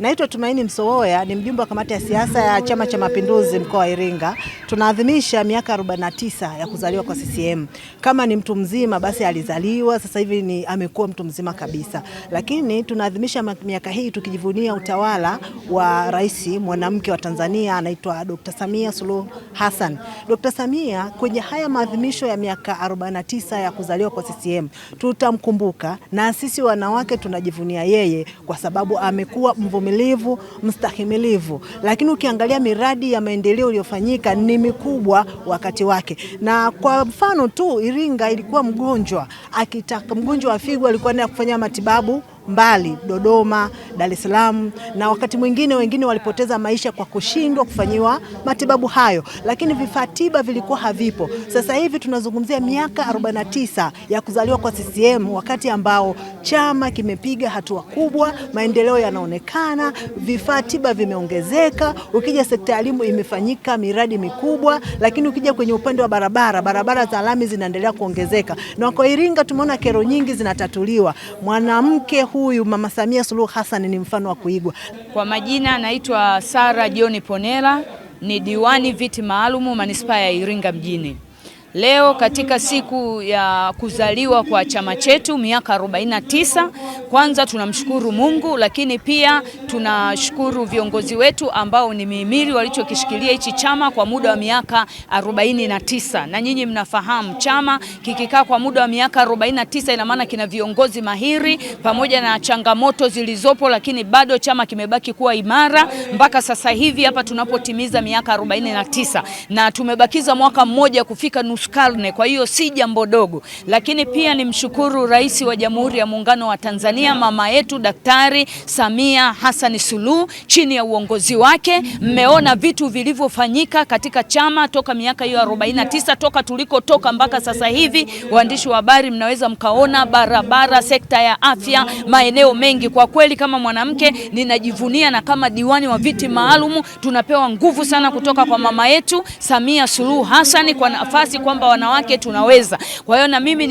Naitwa Tumaini Msowoya, ni mjumbe wa kamati ya siasa ya Chama cha Mapinduzi mkoa wa Iringa. Tunaadhimisha miaka 49 ya kuzaliwa kwa CCM. Kama ni mtu mzima basi alizaliwa, sasa hivi ni amekuwa mtu mzima kabisa, lakini tunaadhimisha miaka hii tukijivunia utawala wa rais mwanamke wa Tanzania anaitwa Dr. Samia Suluhu Hassan. Dr. Samia kwenye haya maadhimisho ya miaka 49 ya kuzaliwa kwa CCM tutamkumbuka, na sisi wanawake tunajivunia yeye kwa sababu amekuwa mvumilivu ustahimilivu mstahimilivu, lakini ukiangalia miradi ya maendeleo iliyofanyika ni mikubwa wakati wake. Na kwa mfano tu Iringa ilikuwa mgonjwa akitaka mgonjwa wa figo alikuwa naye kufanya matibabu mbali Dodoma Dar es Salaam, na wakati mwingine wengine walipoteza maisha kwa kushindwa kufanyiwa matibabu hayo, lakini vifaa tiba vilikuwa havipo. Sasa hivi tunazungumzia miaka 49 ya kuzaliwa kwa CCM, wakati ambao chama kimepiga hatua kubwa, maendeleo yanaonekana, vifaa tiba vimeongezeka. Ukija sekta ya elimu imefanyika miradi mikubwa, lakini ukija kwenye upande wa barabara, barabara za lami zinaendelea kuongezeka, na kwa Iringa tumeona kero nyingi zinatatuliwa. Mwanamke huyu Mama Samia Suluhu Hassan ni mfano wa kuigwa. Kwa majina anaitwa Sara John Ponela, ni diwani viti maalumu manispaa ya Iringa mjini. Leo katika siku ya kuzaliwa kwa chama chetu miaka 49, kwanza tunamshukuru Mungu, lakini pia tunashukuru viongozi wetu ambao ni mihimili walichokishikilia hichi chama kwa muda wa miaka 49. Na nyinyi mnafahamu chama kikikaa kwa muda wa miaka 49, ina maana kina viongozi mahiri pamoja na changamoto zilizopo, lakini bado chama kimebaki kuwa imara mpaka sasa hivi hapa tunapotimiza miaka 49, na tumebakiza mwaka mmoja kufika nusu nusu karne, kwa hiyo si jambo dogo. Lakini pia nimshukuru Rais wa Jamhuri ya Muungano wa Tanzania mama yetu Daktari Samia Hassan Suluhu, chini ya uongozi wake mmeona vitu vilivyofanyika katika chama toka miaka hiyo 49 toka tulikotoka mpaka sasa hivi. Waandishi wa habari, mnaweza mkaona barabara, sekta ya afya, maeneo mengi. Kwa kweli kama mwanamke ninajivunia, na kama diwani wa viti maalum tunapewa nguvu sana kutoka kwa mama yetu Samia Suluhu Hassan kwa nafasi kwa kwamba wanawake tunaweza. Kwa hiyo na mimi